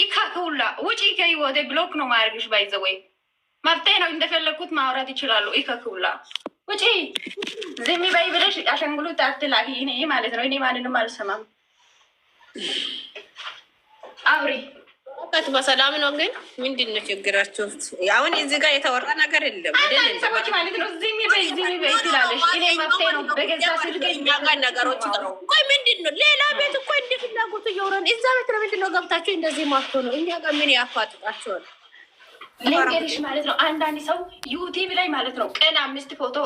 ይካክ ሁላ ውጭ ከይ ወደ ብሎክ ነው ማያርግሽ። ባይዘወይ መፍትሄ ነው እንደፈለግኩት ማውራት ይችላሉ። ይካክ ሁላ ውጭ ዝም በይ ብለሽ አሸንጉሉት አትላኪ። እኔ ማለት ነው እኔ ማንንም አልሰማም። አውሪ ት በሰላም ነው ግን ምንድን ነው ችግራችሁ? አሁን እዚህ ጋር የተወራ ነገር የለም። ሰዎች ማለት ነው ዝም በይ ዝም በይ ትላለች። እኔ መፍትሄ ነው በገዛ ስልክ ነገሮች ነው። ቆይ ምንድን ነው ሌላ ቤት እዛ ቤት ለምንድን ነው ገብታችሁ እንደዚህ ማቶ ነው? እኛ ጋር ምን ያፋጥጣቸዋል? ልንገርሽ ማለት ነው አንዳንድ ሰው ዩቲብ ላይ ማለት ነው ቀን አምስት ፎቶ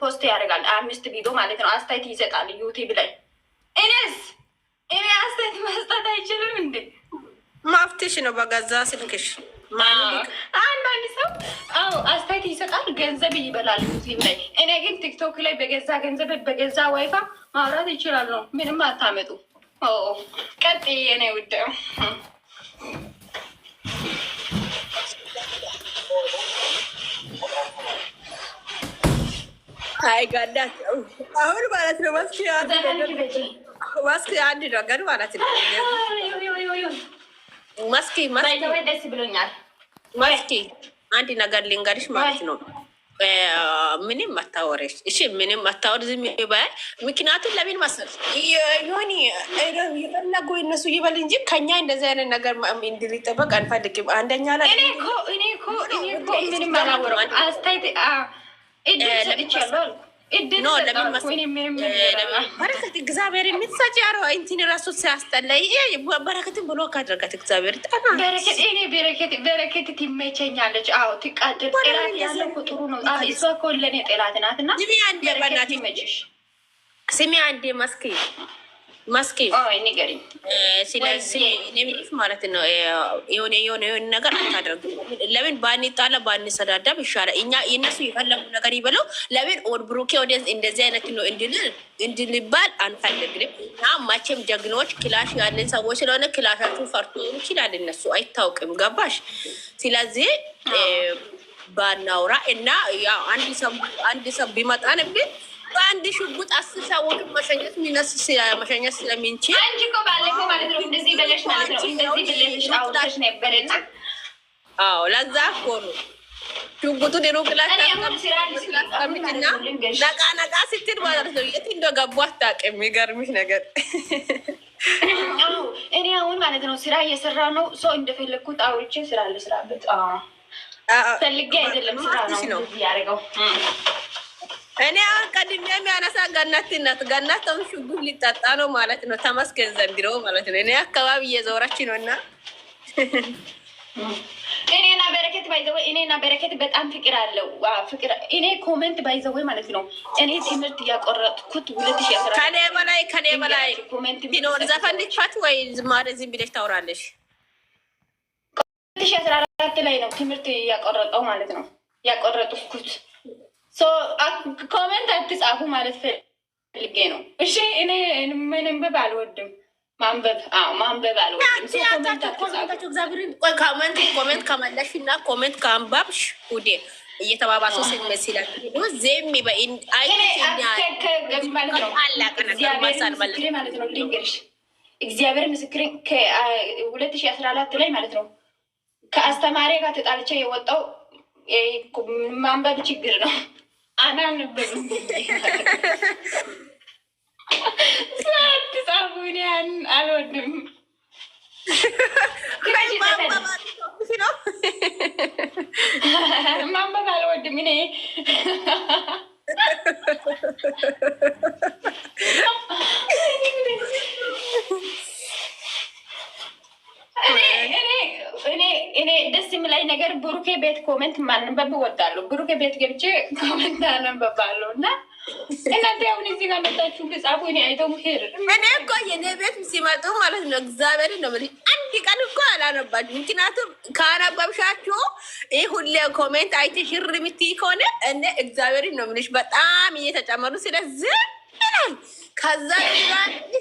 ፖስት ያደርጋል አምስት ቪዲዮ ማለት ነው አስተያየት ይሰጣል ዩቲብ ላይ። እኔስ እኔ አስተያየት መስጠት አይችልም እንዴ? ማፍትሽ ነው በገዛ ስልክሽ። አንዳንድ ሰው አዎ አስተያየት ይሰጣል፣ ገንዘብ ይበላል ዩቲብ ላይ። እኔ ግን ቲክቶክ ላይ በገዛ ገንዘብ በገዛ ዋይፋ ማውራት ይችላል ነው ምንም አታመጡ ቀጥ የኔ ውድ አይጋዳት አሁን ማለት ነው። ማስክ አንድ ነገር ማለት ነው። ማስክ ማስክ አንድ ነገር ልንገርሽ ማለት ነው ምንም አታወረሽ። እሺ ምንም አታወር ዝም ይባል። ምክንያቱም ለምን መሰል ሆኒ የፈለጉ እነሱ ይበል እንጂ ከኛ እንደዚህ አይነት ነገር እንድሊጠበቅ አንፈልግም። አንደኛ ላይ እኔ እኮ እኔ እኮ ምንም አላወራም አስተያየት እድል ሰጥቻለሁ እግዚአብሔር የምትሰጪ ያረ እንትን ራሱ ሲያስጠላ በረከትን ብሎ ካደረጋት እግዚአብሔር በረከት ትመቸኛለች። አዎ ነው። እሷ እኮ ለእኔ ናት። ስሚ አንዴ መስኪ ማስኬ ስለዚህ ማለት ነው የሆነ የሆነ የሆነ ነገር አታደርግ። ለምን ባንጣላ ባንሰዳዳብ ይሻላል። እኛ እነሱ የፈለጉ ነገር ይበለው። ለምን ኦድ ብሩኬ ወደዚ እንደዚህ አይነት ነው እንድንባል አንፈልግም። እና መቼም ጀግኖች ክላሽ ያለን ሰዎች ስለሆነ ክላሻችሁ ፈርቶ ይችላል። እነሱ አይታወቅም። ገባሽ? ስለዚህ ባናውራ እና አንድ ሰው ቢመጣንብን በአንድ ሽጉጥ አስር ሰዎችን መሸኘት የሚነስ መሸኘት ስለሚንችል አንቺ እኮ ባለፈው ማለት ነው እንደዚህ ብለሽ ማለት ነው እንደዚህ ብለሽ አውጥተሽ ነበር። አዎ ለዛ እኮ ነው ሽጉጡን የሩቅ ላታቀምትና ነቃ ነቃ ስትል ማለት ነው የት እንደገቡ አታውቅም። የሚገርምሽ ነገር እኔ አሁን ማለት ነው ስራ እየሰራ ነው። ሰው እንደፈለግኩት አውርቼ ስራ ልስራበት ፈልጌ አይደለም ስራ ነው ያደረገው እኔ አሁን ቀድሜ የሚያነሳ ገነት ነት ገነት አሁን ሽጉብ ሊጠጣ ነው ማለት ነው። ተመስገን ዘንድሮ ማለት ነው። እኔ አካባቢ እየዞረች ነው እና እኔና በረከት ባይዘወ እኔና በረከት በጣም ፍቅር አለው ፍቅር እኔ ኮመንት ባይዘወ ማለት ነው። እኔ ትምህርት እያቆረጥኩት ሁለት ሺ አስራ ከኔ በላይ ከኔ በላይ ኮመንት ቢኖር ዘፈን ልጭፋት ወይ ዝማሬ ዝም ብለሽ ታውራለሽ። ሁለት ሺ አስራ አራት ላይ ነው ትምህርት እያቆረጠው ማለት ነው ያቆረጥኩት ኮመንት አትጻፉ ማለት ፈልጌ ነው። እሺ እኔ መንንበብ አልወድም፣ ማንበብ ማንበብ አልወድም። ኮመንት ከመለሽ እና ኮመንት ከአንባብሽ ውዴ እየተባባሰ ስመስላል ዜሚ እግዚአብሔር ምስክር ሁለት ሺ አስራ አራት ላይ ማለት ነው ከአስተማሪ ጋር ተጣልቼ የወጣው ማንበብ ችግር ነው። አናንበብም አዲስ አልወድም። ማንበብ አልወድም እኔ ነገር ብሩኬ ቤት ኮመንት ማንበብ እወዳለሁ። ብሩኬ ቤት ገብቼ ኮሜንት አነብባለሁ እና እናንተ አሁን እዚህ ጋር መጣችሁ ልጻፉ እኔ አይተው ሄር እኔ እኮ የኔ ቤት ሲመጡ ማለት ነው እግዚአብሔር ነው ብ አንድ ቀን እኮ አላነባችሁ። ምክንያቱም ካነበብሻችሁ ይህ ሁሌ ኮሜንት አይተሽ ሽር ምትይ ከሆነ እኔ እግዚአብሔር ነው ምልሽ በጣም እየተጨመሩ ስለዚህ ይላል። ከዛ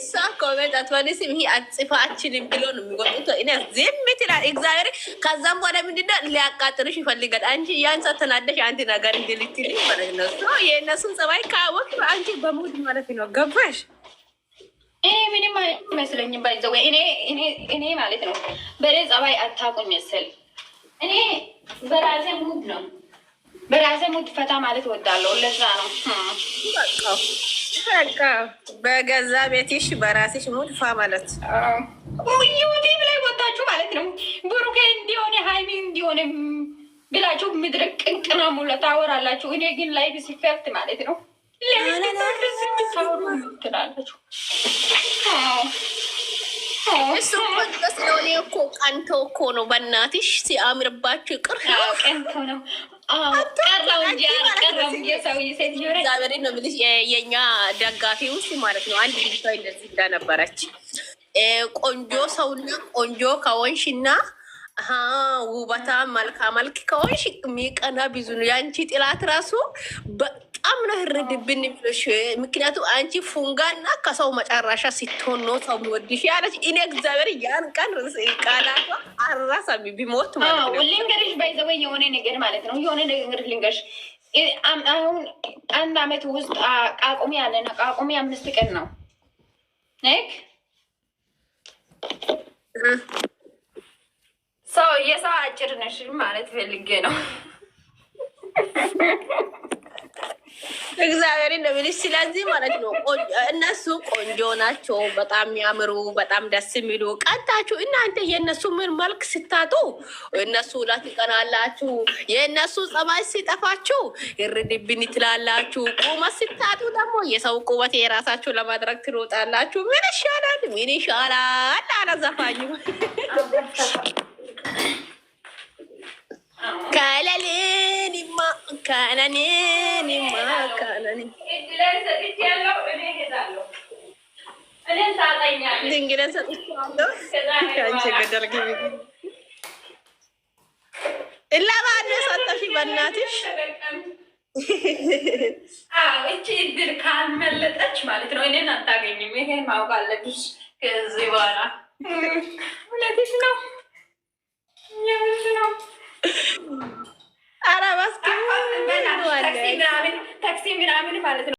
ሳ ኮሜንት አትመልስም ይሄ አጽፋ አችልም ብሎ ነው የሚቆጡት። ዝም ትላል እግዚአብሔር። ከዛም በኋላ ምንድነው ሊያቃጥልሽ ይፈልጋል። አንቺ ያን ሰው ተናደሽ አንድ ነገር እንድልትል ማለት ነው። የእነሱን ጸባይ ካወቅ አንቺ በሙድ ማለት ነው። ገባሽ? እኔ ምንም አይመስለኝም። ባይዘወ እኔ ማለት ነው በሬ ጸባይ አታቁኝ መሰል እኔ በራሴ ሙድ ነው በራሴ ሙድ ፈታ ማለት እወዳለሁ። ለዛ ነው በቃ በገዛ ቤትሽ በራስሽ ሙድ ፋ ማለት ዩቲብ ላይ ወጣችሁ ማለት ነው። ብሩኬ እንዲሆነ ሀይሚ እንዲሆነ ብላችሁ ምድረ ቅንቅና ሙሉ ታወራላችሁ። እኔ ግን ላይፍ ሲከፍት ማለት ነው ለምስታወሩ ትላላችሁ እሱ ቆንጆ ስለሆነ እኮ ቀንቶ እኮ ነው። በእናትሽ ሲያምርባችሁ ይቅር ቀንቶ ነው። ዛሬ ነው የምልሽ የእኛ ደጋፊ ውስጥ ማለት ነው። አንድ ልጅቷ እንደዚህ ብላ ነበረች። ቆንጆ ሰውና ቆንጆ ከወንሽና ውበታ መልካ መልክ ከወንሽ የሚቀና ብዙ ነው። የአንቺ ጥላት ራሱ በጣም ነው ህርድብን ብሎሽ። ምክንያቱ አንቺ ፉንጋና ከሰው መጨረሻ ሲትሆን ነው ሰው ሚወድሽ ያለች። እኔ እግዚአብሔር ያን ቀን ቃላቷ አራሳሚ ቢሞት ልንገርሽ፣ ባይዘወይ የሆነ ነገር ማለት ነው የሆነ ነገር ልንገርሽ። አሁን አንድ አመት ውስጥ ቃቁሚ አለና ቃቁሚ አምስት ቀን ነው ነክ ሰው የሰው አጭር ነሽ ማለት ፈልጌ ነው እግዚአብሔር እንደሚልሽ። ስለዚህ ማለት ነው እነሱ ቆንጆ ናቸው፣ በጣም የሚያምሩ፣ በጣም ደስ የሚሉ ቀጣችሁ። እናንተ የእነሱ ምን መልክ ስታጡ እነሱ ላይ ትቀናላችሁ። የእነሱ ጸባይ ሲጠፋችሁ እርድብን ትላላችሁ። ቁመት ስታጡ ደግሞ የሰው ቁመት የራሳችሁ ለማድረግ ትሮጣላችሁ። ምን ይሻላል? ምን ይሻላል አለ ዘፋኙ። ካለኔንማ ካለኔንማ ካለኔ ድንግለን ሰጠሽ? በእናትሽ እቺ እድል ካልመለጠች ማለት ነው እኔን አታገኝም። ይሄን ማወቅ አለብሽ። ከዚህ በኋላ እውነትሽ ነው ነው አረ ታክሲ ምናምን ማለት ነው።